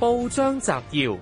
報章摘要：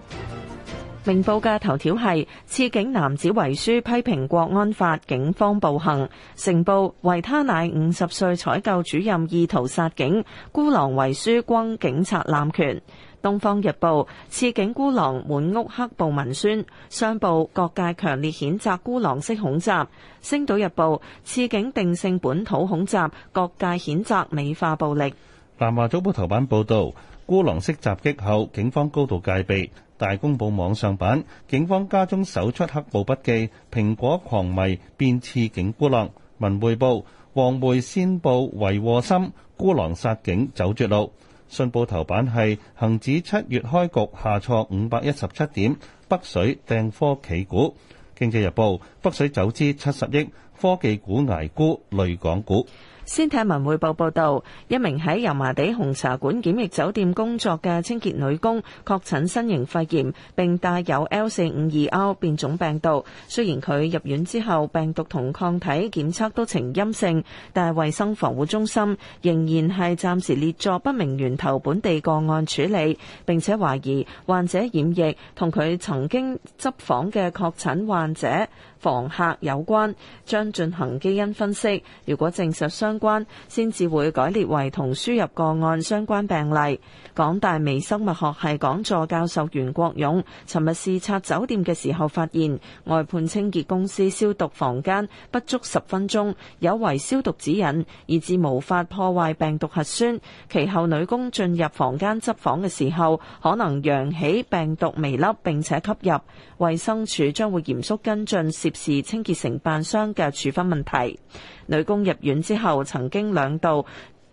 明報嘅頭條係刺警男子遺書批評國安法，警方暴行；成報維他奶五十歲採購主任意圖殺警，孤狼遺書轟警察濫權。東方日報刺警孤狼滿屋黑暴文宣；商報各界強烈譴責孤狼式恐襲；星島日報刺警定性本土恐襲，各界譴責美化暴力。南華早報頭版報道，孤狼式襲擊後，警方高度戒備。大公報網上版，警方家中搜出黑布筆記，蘋果狂迷變刺警孤狼。文匯報，黃媒先報遺禍深，孤狼殺警走絕路。信報頭版係，恒指七月開局下挫五百一十七點，北水掟科企股。經濟日報，北水走資七十億，科技股挨沽，類港股。先睇文匯報報道，一名喺油麻地紅茶館檢疫酒店工作嘅清潔女工確診新型肺炎，並帶有 L 四五二 R 變種病毒。雖然佢入院之後病毒同抗體檢測都呈陰性，但衛生防護中心仍然係暫時列作不明源頭本地個案處理，並且懷疑患者染疫同佢曾經執房嘅確診患者房客有關，將進行基因分析。如果證實相關先至會改列為同輸入個案相關病例。港大微生物學系講座教授袁國勇，尋日視察酒店嘅時候，發現外判清潔公司消毒房間不足十分鐘，有違消毒指引，以致無法破壞病毒核酸。其後女工進入房間執房嘅時候，可能揚起病毒微粒，並且吸入。衛生署將會嚴肅跟進涉事清潔承辦商嘅處分問題。女工入院之後，曾經兩度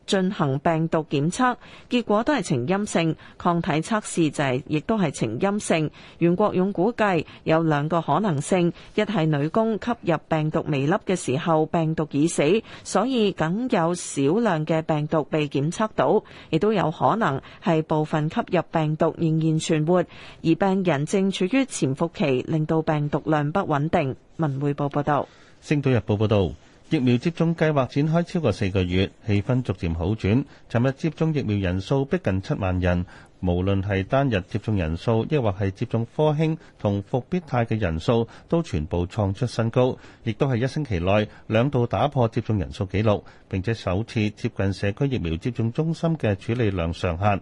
進行病毒檢測，結果都係呈陰性。抗體測試就係亦都係呈陰性。袁國勇估計有兩個可能性：一係女工吸入病毒微粒嘅時候，病毒已死，所以僅有少量嘅病毒被檢測到；亦都有可能係部分吸入病毒仍然存活，而病人正處於潛伏期，令到病毒量不穩定。文匯報報道。《星島日報》報道。疫苗接種計劃展開超過四個月，氣氛逐漸好轉。尋日接種疫苗人數逼近七萬人，無論係單日接種人數，抑或係接種科興同復必泰嘅人數，都全部創出新高，亦都係一星期內兩度打破接種人數紀錄，並且首次接近社區疫苗接種中心嘅處理量上限。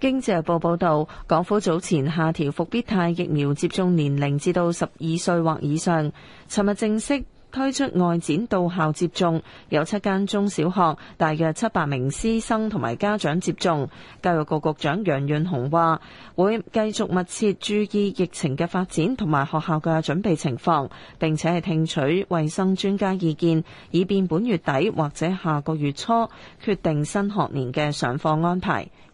《經濟日報》報導，港府早前下調復必泰疫苗接種年齡至到十二歲或以上。尋日正式推出外展到校接種，有七間中小學，大約七百名師生同埋家長接種。教育局局長楊潤雄話，會繼續密切注意疫情嘅發展同埋學校嘅準備情況，並且係聽取衛生專家意見，以便本月底或者下個月初決定新學年嘅上課安排。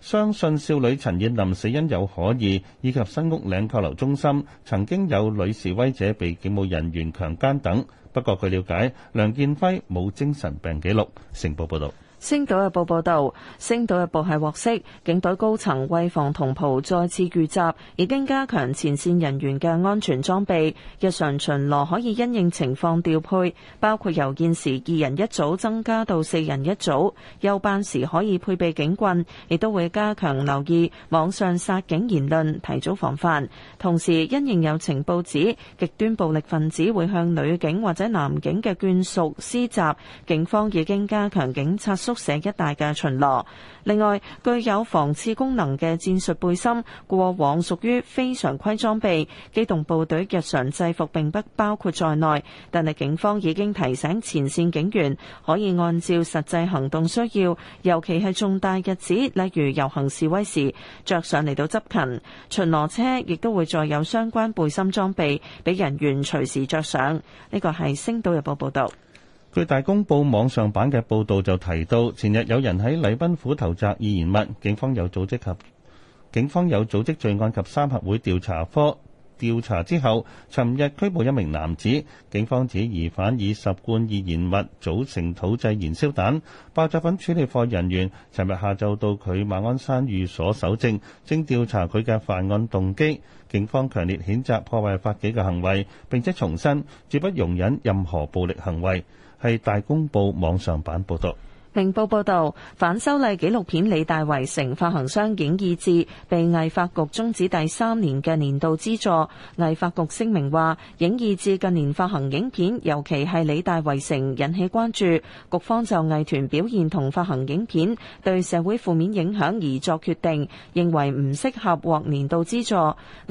相信少女陳彥霖死因有可疑，以及新屋嶺扣留中心曾經有女示威者被警務人員強奸等。不過據了解，梁建輝冇精神病記錄，成報報道。星島報報《星島日報》報道，《星島日報》係獲悉，警隊高層為防同袍再次遇襲，已經加強前線人員嘅安全裝備，日常巡邏可以因應情況調配，包括由現時二人一組增加到四人一組。休班時可以配備警棍，亦都會加強留意網上殺警言論，提早防範。同時，因應有情報指極端暴力分子會向女警或者男警嘅眷屬施襲，警方已經加強警察。宿舍一帶嘅巡邏。另外，具有防刺功能嘅戰術背心，過往屬於非常規裝備，機動部隊日常制服并不包括在內，但係警方已經提醒前線警員，可以按照實際行動需要，尤其係重大日子，例如遊行示威時，着上嚟，到執勤。巡邏車亦都會再有相關背心裝備，俾人員隨時着上。呢個係星島日報報道。據《大公報》網上版嘅報導就提到，前日有人喺禮賓府投擲易燃物，警方有組織及警方有組織罪案及三合會調查科調查之後，尋日拘捕一名男子。警方指疑犯以十罐易燃物組成土製燃燒彈，爆炸品處理課人員尋日下晝到佢馬鞍山寓所搜證，正調查佢嘅犯案動機。警方強烈譴責破壞法紀嘅行為，並且重申絕不容忍任何暴力行為。係大公報網上版報道。明報報道，反修例紀錄片《理大圍城》發行商影意志被藝發局終止第三年嘅年度資助。藝發局聲明話，影意志近年發行影片，尤其係《理大圍城》引起關注，局方就藝團表現同發行影片對社會負面影響而作決定，認為唔適合獲年度資助。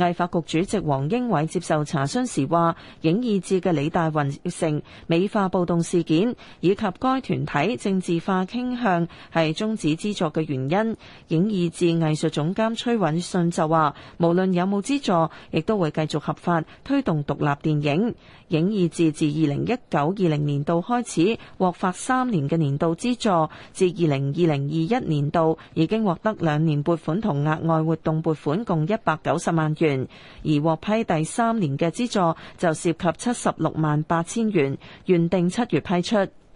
藝發局主席王英偉接受查詢時話，影意志嘅《理大圍城》美化暴動事件，以及該團體政治化。傾向係終止資助嘅原因。影意志藝術總監崔允信就話，無論有冇資助，亦都會繼續合法推動獨立電影。影意志自二零一九二零年度開始獲發三年嘅年度資助，自二零二零二一年度已經獲得兩年撥款同額外活動撥款共一百九十萬元，而獲批第三年嘅資助就涉及七十六萬八千元，原定七月批出。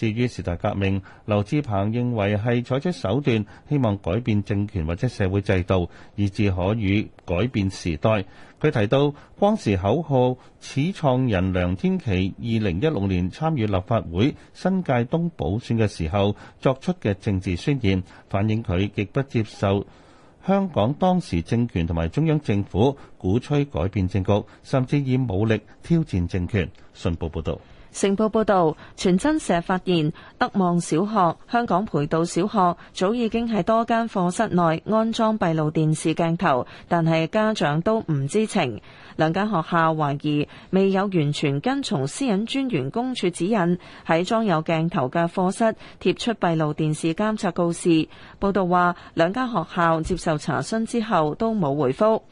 至於時代革命，劉智鵬認為係採取手段，希望改變政權或者社會制度，以至可以改變時代。佢提到，光時口號始創人梁天琦，二零一六年參與立法會新界東補選嘅時候作出嘅政治宣言，反映佢極不接受香港當時政權同埋中央政府鼓吹改變政局，甚至以武力挑戰政權。信報報道。成報報導，傳真社發現德望小學、香港培道小學早已經喺多間課室內安裝閉路電視鏡頭，但係家長都唔知情。兩間學校懷疑未有完全跟從私隱專員公署指引，喺裝有鏡頭嘅課室貼出閉路電視監察告示。報導話，兩間學校接受查詢之後都冇回覆。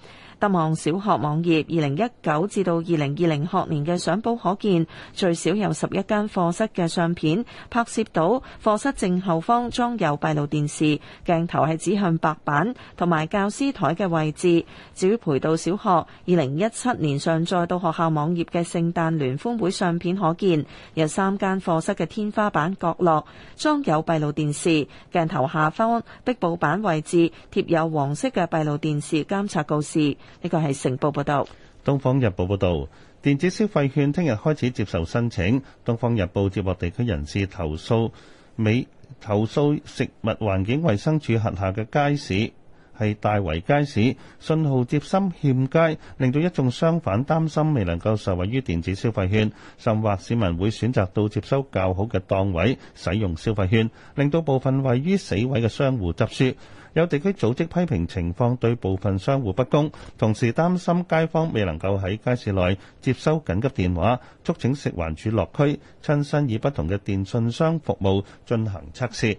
德望小學網頁二零一九至到二零二零學年嘅相簿，可見最少有十一間課室嘅相片，拍攝到課室正後方裝有閉路電視，鏡頭係指向白板同埋教師台嘅位置。至於培道小學二零一七年上載到學校網頁嘅聖誕聯歡會相片，可見有三間課室嘅天花板角落裝有閉路電視，鏡頭下方壁布板位置貼有黃色嘅閉路電視監察告示。呢個係成報報道，《東方日報》報道，電子消費券聽日開始接受申請。《東方日報》接獲地區人士投訴，美投訴食物環境衛生署轄下嘅街市係大圍街市，信號接收欠佳，令到一眾商販擔心未能夠受惠於電子消費券，甚或市民會選擇到接收較好嘅檔位使用消費券，令到部分位於死位嘅商戶執輸。有地區組織批評情況對部分商戶不公，同時擔心街坊未能夠喺街市內接收緊急電話，促請食環署落區，親身以不同嘅電訊商服務進行測試。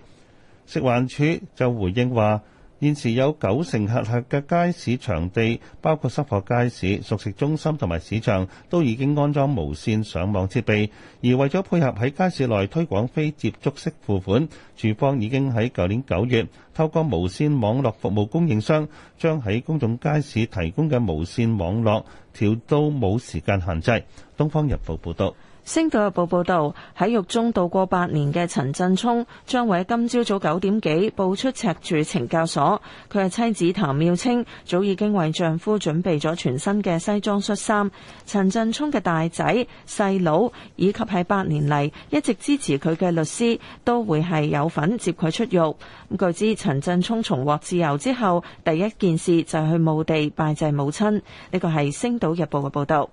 食環署就回應話。現時有九成客客嘅街市場地，包括濕貨街市、熟食中心同埋市場，都已經安裝無線上網設備。而為咗配合喺街市內推廣非接觸式付款，署方已經喺舊年九月，透過無線網絡服務供應商，將喺公眾街市提供嘅無線網絡調到冇時間限制。東方日報報道。《星島日報》報道，喺獄中度過八年嘅陳振聰，將會喺今朝早九點幾步出赤柱懲教所。佢嘅妻子譚妙清早已經為丈夫準備咗全新嘅西裝恤衫。陳振聰嘅大仔、細佬以及喺八年嚟，一直支持佢嘅律師，都會係有份接佢出獄。咁據知，陳振聰重獲自由之後，第一件事就係去墓地拜祭母親。呢個係《星島日報》嘅報道。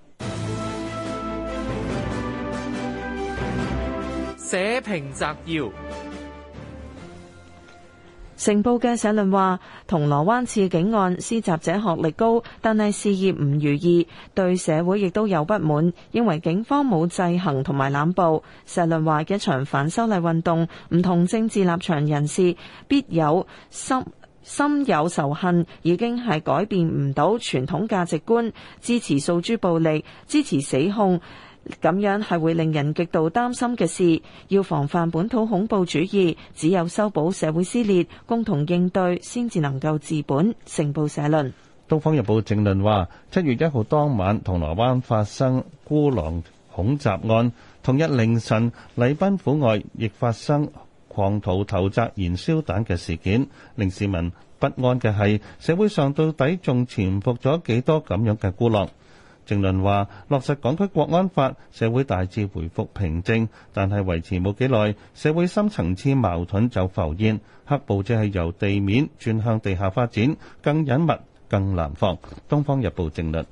社評摘要。成報嘅社論話，銅鑼灣刺警案施襲者學歷高，但係事業唔如意，對社會亦都有不滿，認為警方冇制衡同埋濫捕。社論話，一場反修例運動，唔同政治立場人士必有心有仇恨，已經係改變唔到傳統價值觀，支持訴諸暴力，支持死控。咁樣係會令人極度擔心嘅事，要防範本土恐怖主義，只有修補社會撕裂，共同應對，先至能夠治本。成報社論。《東方日報》正論話：七月一號當晚，銅鑼灣發生孤狼恐襲案；同日凌晨，禮賓府外亦發生狂徒投擲燃燒彈嘅事件。令市民不安嘅係，社會上到底仲潛伏咗幾多咁樣嘅孤狼？政論話，落實港區國安法，社會大致回復平靜，但係維持冇幾耐，社會深層次矛盾就浮現，黑暴即係由地面轉向地下發展，更隱密，更難防。《東方日報》政論。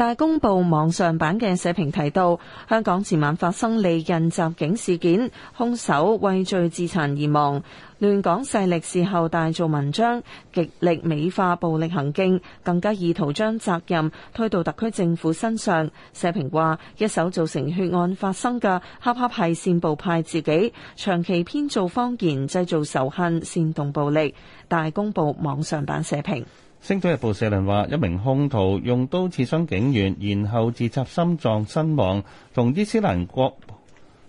大公報網上版嘅社評提到，香港前晚發生利刃襲警事件，兇手畏罪自殘而亡，亂港勢力事後大做文章，極力美化暴力行徑，更加意圖將責任推到特區政府身上。社評話：一手造成血案發生嘅，恰恰係煽暴派自己，長期編造謠言，製造仇恨，煽動暴力。大公報網上版社評。星島日報社論話：一名兇徒用刀刺傷警員，然後自插心臟身亡，同伊斯蘭國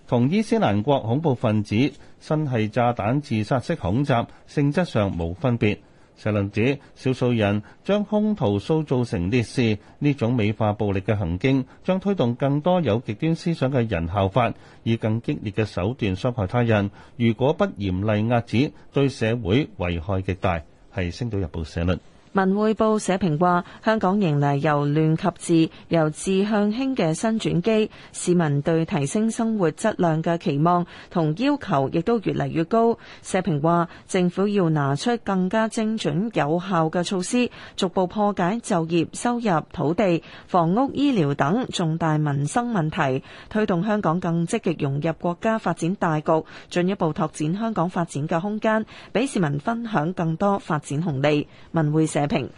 同伊斯蘭國恐怖分子身繫炸彈自殺式恐襲，性質上冇分別。社論指，少數人將兇徒塑造成烈士，呢種美化暴力嘅行徑，將推動更多有極端思想嘅人效法，以更激烈嘅手段傷害他人。如果不嚴厲遏止，對社會危害極大。係星島日報社論。文匯報社評話，香港迎嚟由亂及治、由治向興嘅新轉機，市民對提升生活質量嘅期望同要求亦都越嚟越高。社評話，政府要拿出更加精準有效嘅措施，逐步破解就業、收入、土地、房屋、醫療等重大民生問題，推動香港更積極融入國家發展大局，進一步拓展香港發展嘅空間，俾市民分享更多發展紅利。文匯社。社評，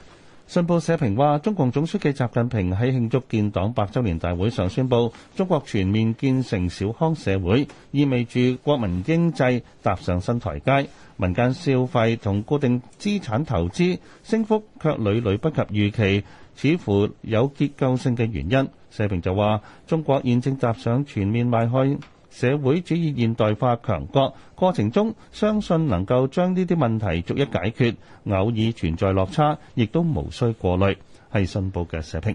信報社評話，中共總書記習近平喺慶祝建黨百周年大會上宣布，中國全面建成小康社會，意味住國民經濟踏上新台階。民間消費同固定資產投資升幅卻屢屢不及預期，似乎有結構性嘅原因。社評就話，中國現正踏上全面邁開。社會主義現代化強國過程中，相信能夠將呢啲問題逐一解決。偶爾存在落差，亦都無需過慮，係信報嘅社評。